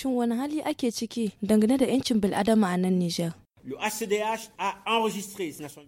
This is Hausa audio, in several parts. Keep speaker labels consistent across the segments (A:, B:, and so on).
A: Shin wani hali ake ciki dangane da 'yancin bil'adama a nan Nijar?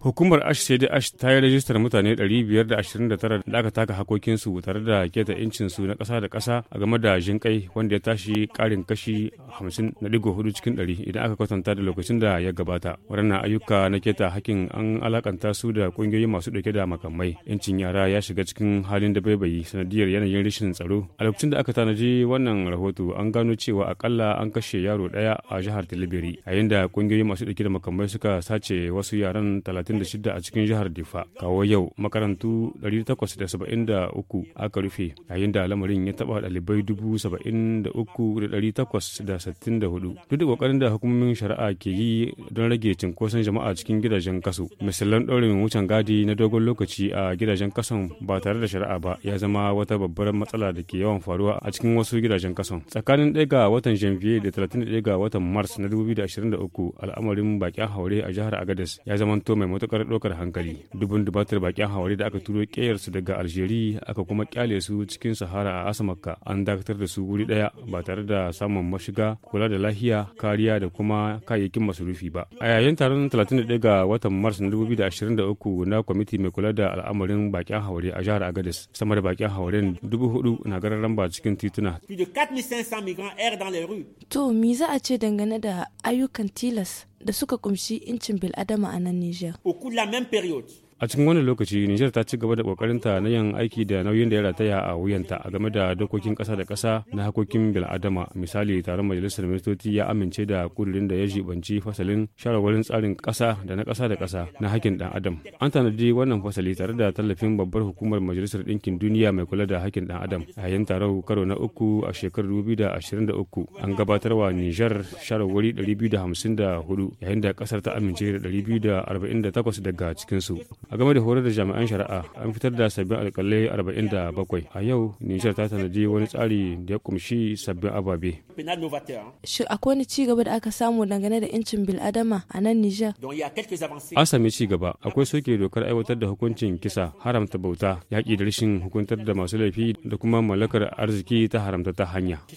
B: Hukumar HCDH ta yi rajistar mutane 529 da aka taka hakokinsu tare da keta incinsu na kasa da kasa a game da jinƙai wanda ya tashi ƙarin kashi 50.4 cikin 100 idan aka kwatanta da lokacin da ya gabata. Waɗannan ayyuka na keta hakin an alakanta su da ƙungiyoyi masu ɗauke da makamai. Incin yara ya shiga cikin halin da baibayi sanadiyar yanayin rashin tsaro. A lokacin da aka tanaji wannan rahoto an gano cewa akalla an kashe yaro ɗaya a jihar Tilibiri yayin da ƙungiyoyi masu ɗauke ɗauke da makamai suka sace wasu yaran 36 a cikin jihar Difa. Kawo yau makarantu 873 aka rufe yayin da lamarin ya taɓa ɗalibai 73,864. Duk da kokarin da hukumomin shari'a ke yi don rage cinkoson jama'a cikin gidajen kasu Misalan ɗaurin wucin gadi na dogon lokaci a gidajen kasan ba tare da shari'a ba ya zama wata babbar matsala da ke yawan faruwa a cikin wasu gidajen kasan Tsakanin ɗaya ga watan Janvier da 31 ga watan Mars na 2023 al'amarin bakin haure a jihar Agadez ya zamanto mai matukar ɗaukar hankali. Dubun dubatar bakin haure da aka turo su daga Algeria aka kuma kyale su cikin Sahara a Asamakka an dakatar da su wuri daya ba tare da samun mashiga, kula da lahiya, kariya da kuma kayayyakin masurufi ba. A yayin taron 31 ga watan Mars na 2023 na kwamiti mai kula da al'amarin bakin haure a jihar Agadez sama da bakin hauren hudu na gararan ba cikin tituna.
A: To, me za a ce dangane da ayyukan tilas da suka kumshi incin bil'adama a nan Nijar. Au cours de la même période,
B: a cikin wani lokaci nijar ta ci gaba da kokarinta na yin aiki da nauyin da ya rataya a wuyanta a game da dokokin kasa da kasa na hakokin bil'adama misali taron majalisar ministoci ya amince da kudurin da ya jibanci fasalin shawarwarin tsarin kasa da na kasa da kasa na hakin dan adam an tanadi wannan fasali tare da tallafin babbar hukumar majalisar ɗinkin duniya mai kula da hakin dan adam yayin taron karo na uku a shekarar 2023 an gabatar wa nijar shawarwari 254 yayin da kasar ta amince da 248 daga cikinsu a game da horar da jami'an shari'a an fitar da sabbin alkalai 47 a yau nijar ta tanadi wani tsari da ya kumshi sabbin ababe
A: shi akwai wani ci gaba da aka samu dangane da incin bil'adama a nan nijar
B: an sami ci gaba akwai soke dokar aiwatar da hukuncin kisa haramta bauta yaƙi da rashin hukuntar da masu laifi da kuma mallakar arziki ta haramta ta hanya